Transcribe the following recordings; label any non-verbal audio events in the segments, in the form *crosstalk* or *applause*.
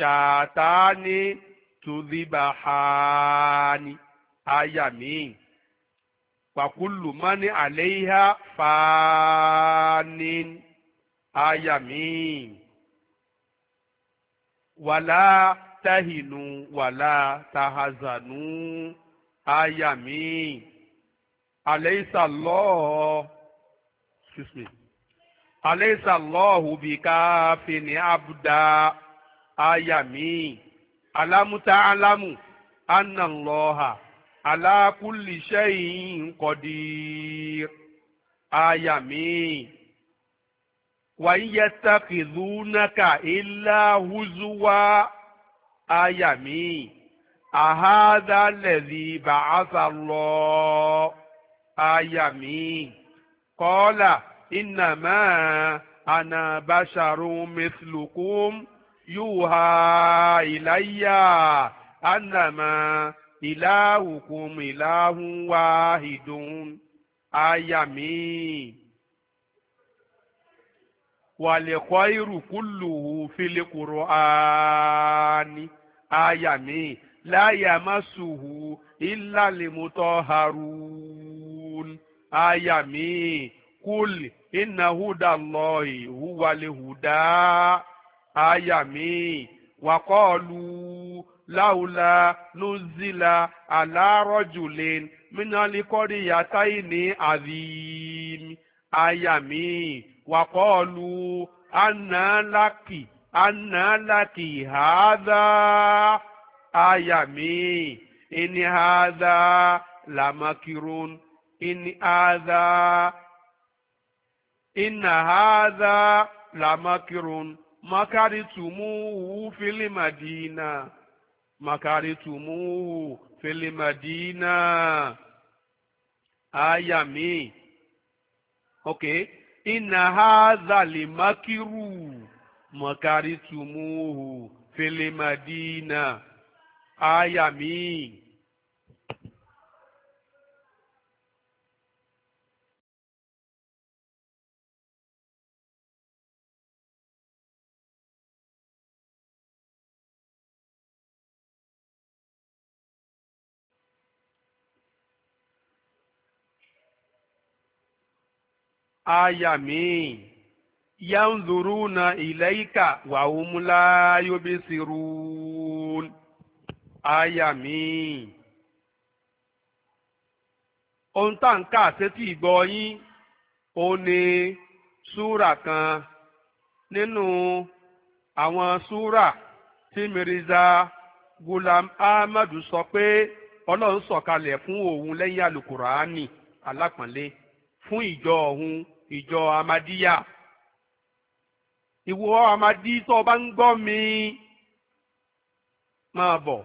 ṣàtàní tùdíbàhání àyà míì pàkúlù mọ́ni àléhà fàání àyà míì wàlá tahinu wàlá tahazanu àyà míì àléhìsà lọ́ọ̀ excuse me àléhìsà lọ́ọ̀hù bìkà aya míì alámúta alámù annalọ́ha alákùlìṣẹ́ yìí ń kọ́dí aya míì wàá yẹ tàkìlú náka ilá húzúwá aya míì àhádá lẹ̀dí bàásà lọ aya míì kọ́lá ìnàmá يوحى إلي أنما إلهكم إله واحد آية مي والخير كله في القرآن آية مي لا يمسه إلا المطهرون آية مي قل إن هدى الله هو الهدى àyà míì wàkọ́ọ̀lù láwùlà nùzìlà àlárọ̀jùlẹ̀ mínálíkọ́rì yàtáì ní àdìm àyà míì wàkọ́ọ̀lù ànàlákì ànàlákì haza àyà míì ìní hàdà làmàkìrún ìní hàdà ìnà hàdà làmàkìrún makaritumuhu filimadina makaritumuhu filimadina aya mi okay Ina hadha limakiru makaritumuhu filimadina aya mi. aya míì yanzuruna ilayka wa hum la yubsirun aya míì ohun tá n ká àṣetí ìgbọ́ yín ó ní súrà kan nínú àwọn súrà tí Mirza Gulam Ahmadu sọ pé ọlọ́run sọ̀kalẹ̀ fún òun lẹ́yìn alukuraani alápọ̀nlé fún ìjọ ọ̀hún ìjọ amadiya ìwọ amadi tó o bá ń gbọ́ mi máa bọ̀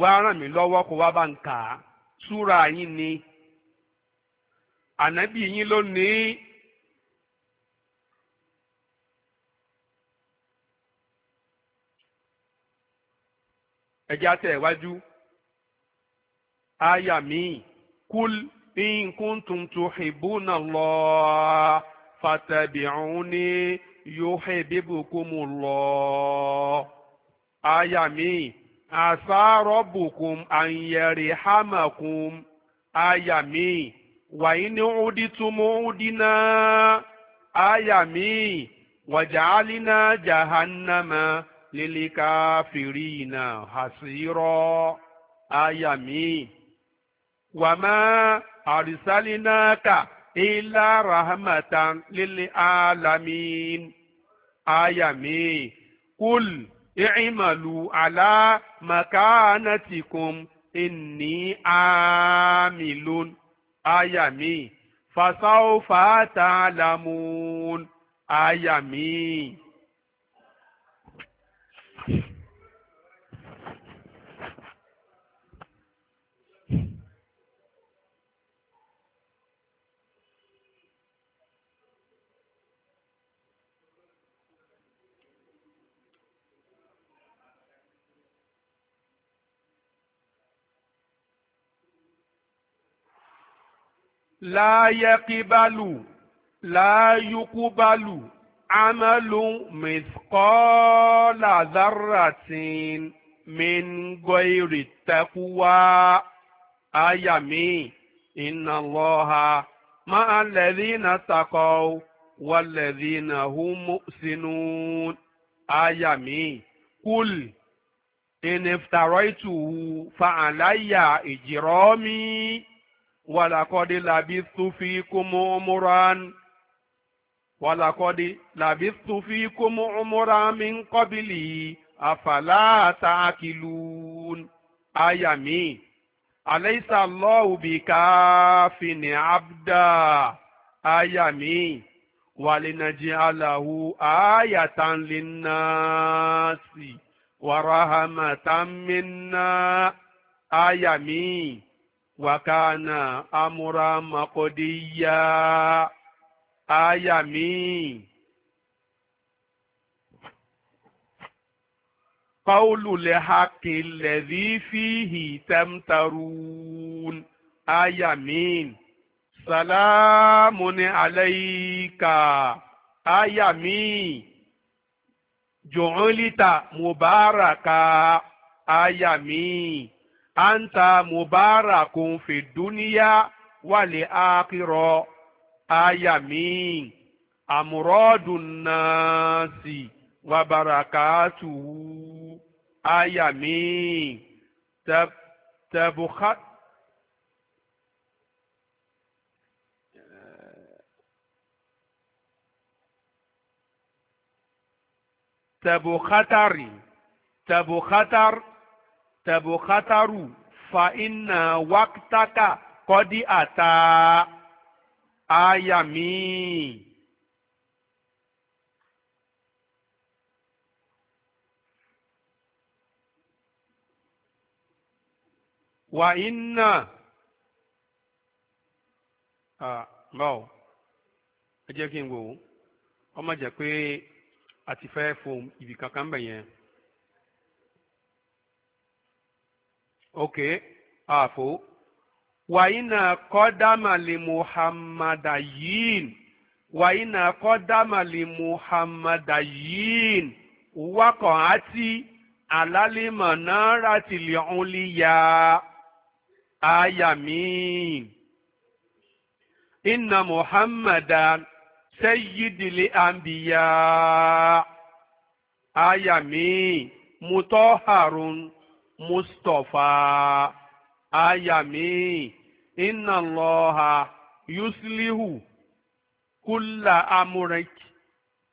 wá ràn mí lọ́wọ́ kó wá bá ń kà á súra yín ni ànábì yín ló ní. ẹjẹ́ àtẹ̀wájú áyà míì kúl. Cool. lọ iutuu hibunlo patabneyohebebomlo ayami asrobkom aari hamakom ayami na na ayami windtumdinaayami wajalinajahanamlelekapirinasiroayami wama àrísálínáàkà ilá rahmatan lílé alamin ayami kúl ìcìmàlù àlá màkánàtìkùm ìní àmìlún ayami fasawfa tàlámùn ayami. láyẹ́kíbálù láyúkúbálù amalu mìtkọ́lá záràtìn mìngọ́ìrì tẹ́kúwá ayàmí ìnàlọ́ha máa lẹ́dínà takọ́ wàlẹ́dínà hùmù sínú ayàmí kúlì. إن افتريته فعلي إجرامي wàlàkọ́dí làbí túfí kúmú ọmúran wàlàkọ́dí làbí túfí kúmú ọmúran mi ń kọ́bìlì àfàlà àtàkìlù àyàmí àlẹ́sà lọ́wọ́ bí káfíìnì abdá àyàmí wàlẹ́nàjì aláhu àyàtàn lè náà sí wàkánà amúra makọ́díyá áyàmí. قول الحق الذي فيه تمترون آية مين سلام عليك آية مين جعلت مباركا آية مين أنت مبارك في الدنيا والآخرة آية مين أمراض الناس وبركاته آية مين تب تبخ تبخطر تبخطر tẹ̀bù kátàrù fa iná wákítákà kọ́dí àtà àyà míì. wà iná báwo ẹ jẹ́ kí n wò ó ọmọ jẹ́ pé a fẹ́ fo ibì kankan bẹ̀ okay àfo wàyínà kọ́dámàlì muhammadayin wàyínà kọ́dámàlì muhammadayin ati alalima alálẹ́mọ̀ náà rátìlẹ̀ ya ayamin inna Muhammada sayyidili anbiya ayamin mutọ́harun. mustapha ayami inna allaha yuslihu kul'a amurik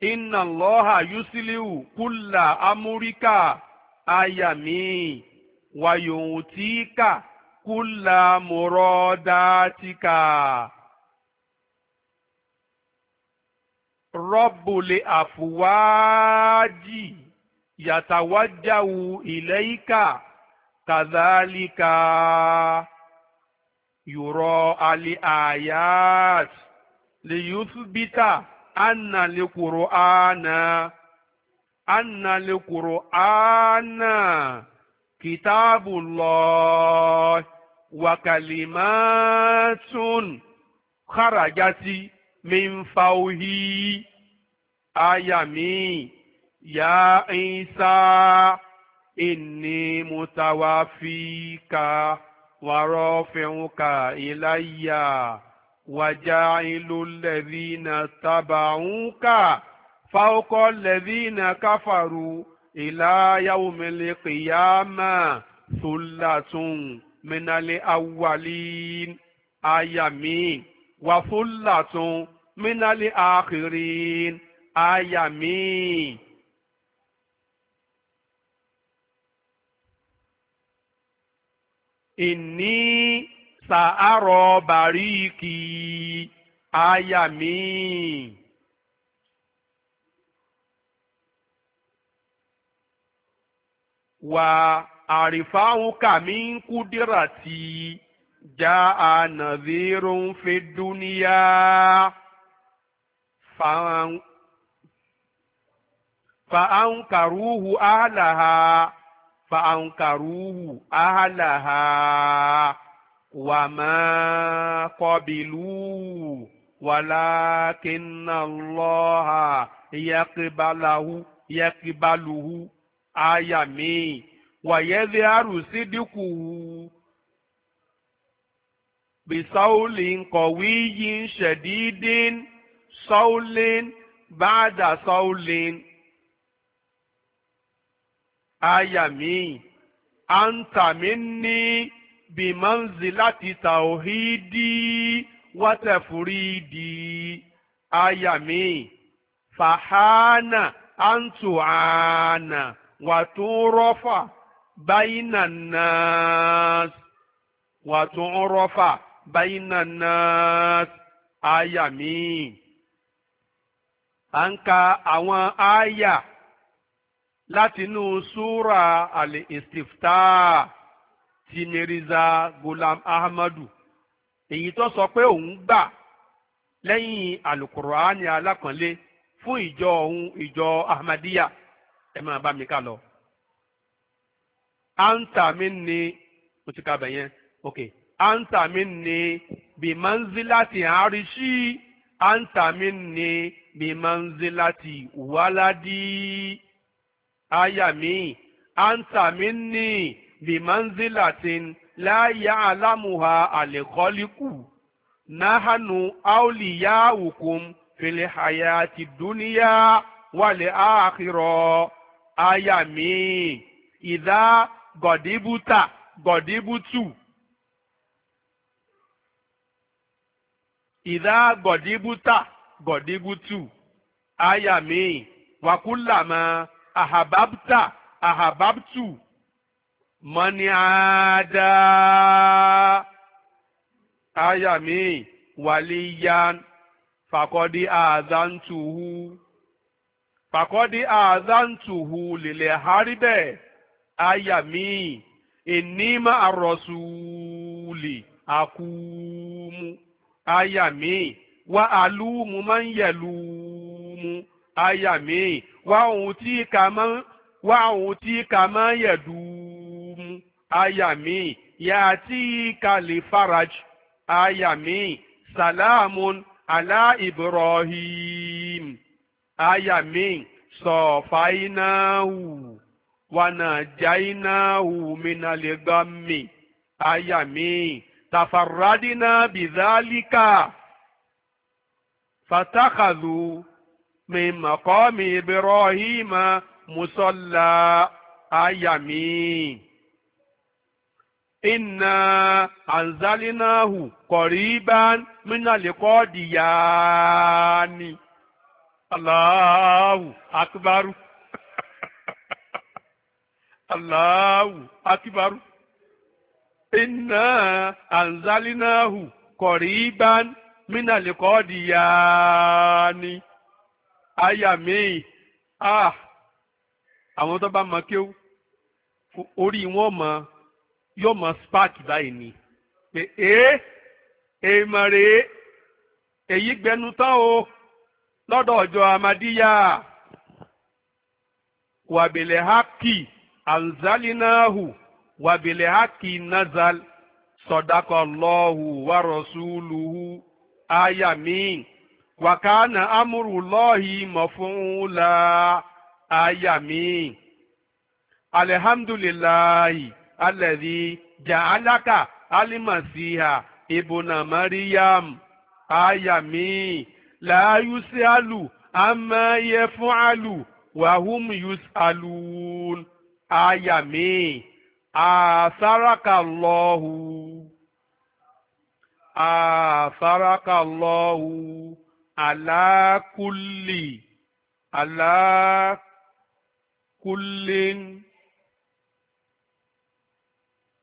inna allaha yuslihu kul'a amurika ayami wa yutika kulla muradatika rọ́bùlì àfùwájì yàtàwájáwù ìlẹ́yìká كذلك يرى الآيات ليثبت أن القرآن أن القرآن كتاب الله وكلمات خرجت من فوه آيامي يا إنسان inni mutawafika warafi'uka ilayya waja'ilu alladhina taba'uka fawqa alladhina kafaru ila yawmil qiyamah sullatun minal awwalin ayami wa sullatun minal akhirin ayami. ìní sàárọ̀ bàríkì àyà mi. wà àrífáwùkà mi ń kúdìrà tí já ànàvírò ń fi dúníyà hu àlàhà. bakarhu ahalaha waakobil wlkialoha yakiu yakibluhu ayami werus du bitolin coiyi shedidin bada badastolin aya mi, anta minni bi manzilati tawhidi wa tafuridi aya mi, fahana antuana wa turofa bayna nas wa turofa bayna nas aya mi, à ń ka àwọn aya látinú súra al-istiftah ti Mirza Ghulam Ahmadu èyí tó sọ pé òun gbà lẹ́yìn alukur'ani alákànlé fún ìjọ òun ìjọ ahmadiyya ẹ máa bá mi ká lọ. anta minni mo ti ka bẹ̀ yẹn ok anta minni bi manzilati arishi anta minni bi manzilati waladi aya míì anta minni bimanzilatin la ya'lamuha al-khaliqu nahanu awliya'ukum fil hayati dunya wal akhirah aya míì ìdá gọ̀díbútà gọ̀díbútù. ìdá gọ̀díbútà gọ̀díbútù àyà mi wàkúlàmà ahababta ahababtu mani ada aya waliyan fakodi azantuhu fakodi azantuhu lile haribe aya enima arosuli akumu ayami mi wa alumu man yalumu aya wá ohun tí kà mọ́ wá ohun tí kà mọ́ yẹ̀dùm àyà mi yà tí kàlí faraj àyà mi salamun ala ibrahim àyà mi sọ̀fàìnáhù wànàjáìnáhù mìnàlẹ́gbàmì àyà mi tàfàràdínà bìzálíkà fàtàkàlù. من مقام إبراهيم مصلى آية إنا أنزلناه قريبا من القديان الله أكبر *laughs* الله أكبر إنا أنزلناه قريبا من القديان àyà miin, ah àwọn tó bá mọ kí orí wọn mọ yóò mọ spark báyìí ni pé ee èèmọ̀ rèé èyí gbẹnu tán o lọ́dọ̀ ọjọ́ amadíyà wàbẹ̀lẹ̀ hapi anzalinahu wàbẹ̀lẹ̀ hapi nazal sọ̀dákọ̀ lọ́hù wàrọ̀súlùhù miin! wàkánà amúrù lọ́ọ̀hì mọ̀fúnla àyà mi alihamdulilayi alẹ́dí jàálákà alimasiha ibùnà mariam àyà mi làáyúsí àlù amáyé fún àlù wàhùm yus àlùún àyà mi àsárákà lọ́hù àsárákà lọ́hù. alákùlì alákùlì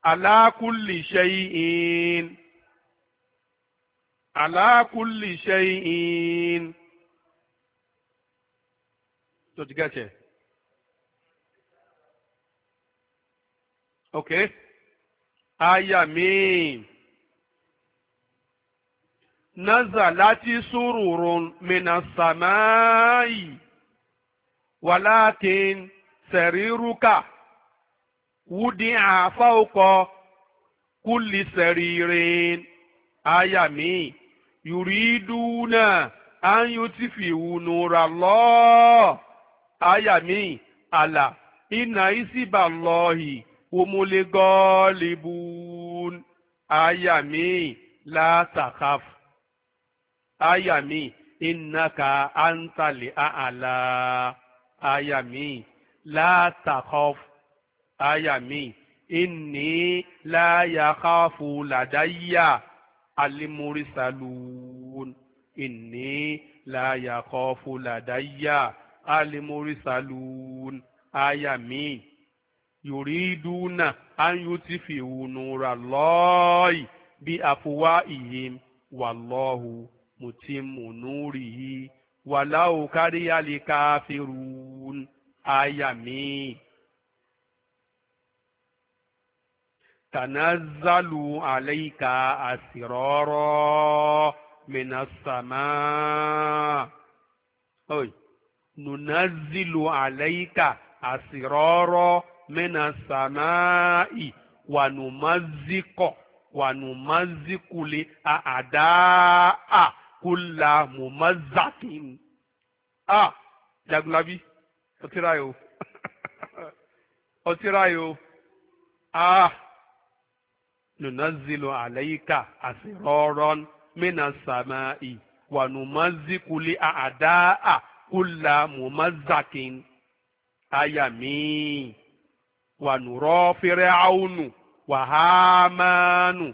alákùlì ṣẹ́yìn alákùlì ṣẹ́yìn tó ti gẹ́tẹ̀. okay aya miin nazalati sururun mina samaayi walakin sariruka wudi afawukọ kulli saririn ayami yuriduna an yutifiwu nurallah ayami ala ina isiballahi umuligolibun ayami la takaf áyà mi ìnáka áńtàlẹ̀ àhàlà áyà mi látàkọ́f áyà mi ìní láyàkáfù làdáyà alimurisalun ìní láyàkáfù làdáyà alimurisalun áyà mi yoriduna an yutifi nura lọ́ọ̀ì bí afuwa ìyẹn wà lọ́hùn mutimu nurihi walau kariya likafirun aya mi. تنزل عليك أسرارا من السماء أي ننزل عليك أسرارا من السماء ونمزق ونمزق لأعداء kúlà mùmọ́zàkín a jagunlabi ọtíra yìí o ọtíra yìí o a nùnàzìlù àlẹ́yíkà àsìrọ́rọ́ mìnà sàmáì wà nùmọ́zìkúlì àdáà kúlà mùmọ́zàkín aya míì wà nùrọ́ fẹ́rẹ́ àwùnù wà hámánù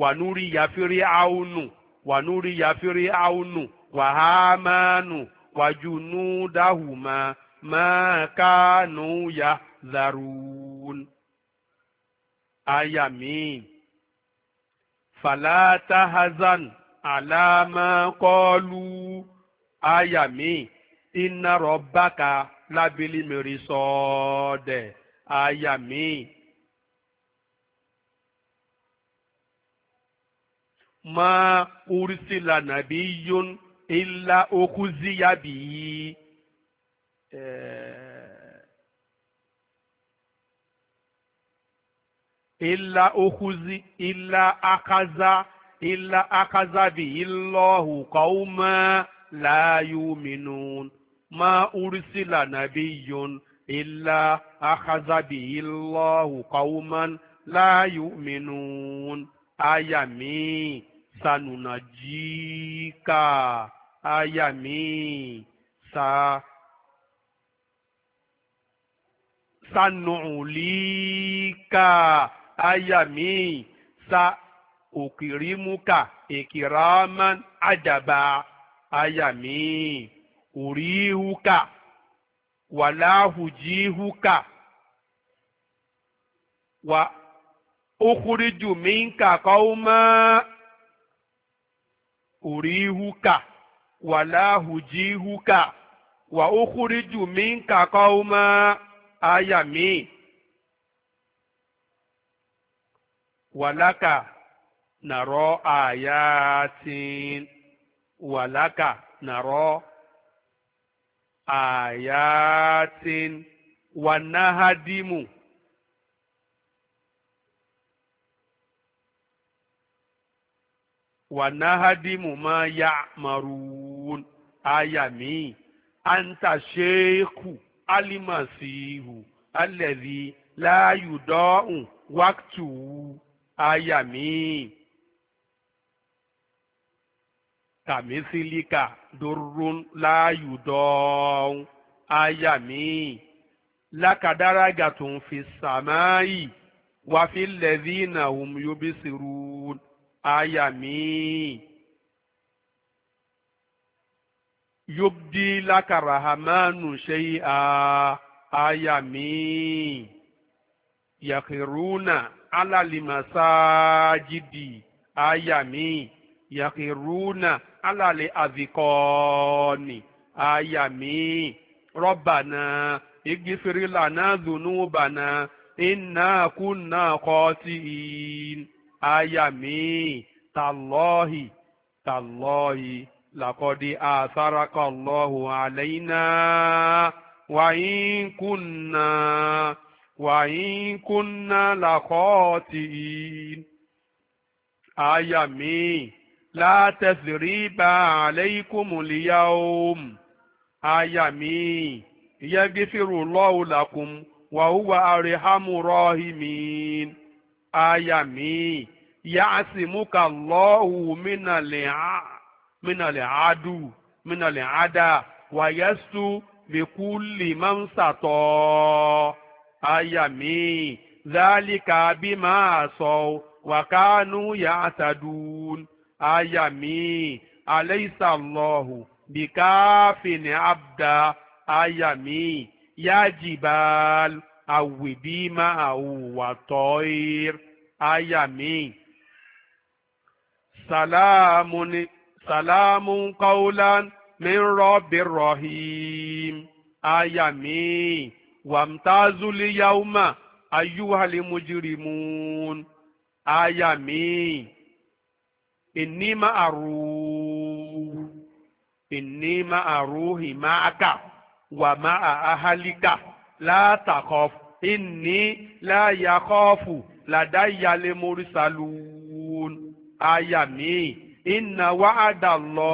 wà núrí yà fẹ́rẹ́ àwùnù wànúrí yàfírí àwùnù wàhámánù wàjúnú dáhùmá mákánú yá zarun. aya miin falata hazan alama kọlu aya inna iná labili lábílí mẹ́rin sọ́ọ́dẹ̀ ma ursila nabiyun illa okuziya bihi eh. illa okuzi illa akaza illa akaza bihi llahu qauma la yuminun ma ursila nabiyun illa akaza bihi llahu qauman la yuminun aya miin sanunajika aya míì sa sanulika aya míì sa òkìrímúkà ìkìrámán àdàbà ayami míì òríhúkà wàláhùjíhúkà wà ókúrídùmíǹkà kọ́ أريهك ولا هجيهك وأخرج منك قوما آية مي ولك نرى آيات ولك نرى آيات ونهدم wà náhádìmù máa yá màrún àyà míì àǹtà ṣéèkù alimasihu alẹ́dí láàyùdọ́hùn wákìtù àyà míì kàmísílíkà dòrún láàyùdọ́hùn àyà míì lákàdárágà tó fi sàmáì wàfílẹ̀dí nàhùn yóò aya míì yubdi laka rahamanu shay'a aya míì yakiruna alalimasajidi aya míì yakiruna alali azikoni aya míì rabbana igifiri lana dhunubana inna kunna qatiin àyà míì tàlọ́hì tàlọ́hì làkọ́dí àsárakọ̀ lọ́hùn àlẹ́yìnà wàyín kùnà wàyín kùnà làkọ́ọ̀tì àyà míì látẹ̀sìrìbà àlẹ́yìnkùmùlìyàwó àyà míì yẹ́gífìrù lọ́hùn làkùn wàhùwà àrèhámù rọ́ọ̀hìmí àyà míì yàásìmúkà lọ́hùn mínàlẹ̀ àádù mínàlẹ̀ àádà wàyẹ́sù bíkúlì máa ń sàtọ̀ àyàmí zálíkà bí máa sọ wàkánú yàtàdùn àyàmí àlẹ́sà lọ́hùn bíkáfìn àbdà àyàmí yájìbàl àwìbí máa wù wàtọ́ ir sàlámù ni sàlámù qawlan min rabbir rahim àyà mi wamtazul yawma ayyuhal mujrimun àyà mi inni ma'aruhu inni ma'aruhi ma'aka wa ma'a ahalika la takhaf inni la yakhafu ladayya al mursalun aya míì inna wa'ada Allah.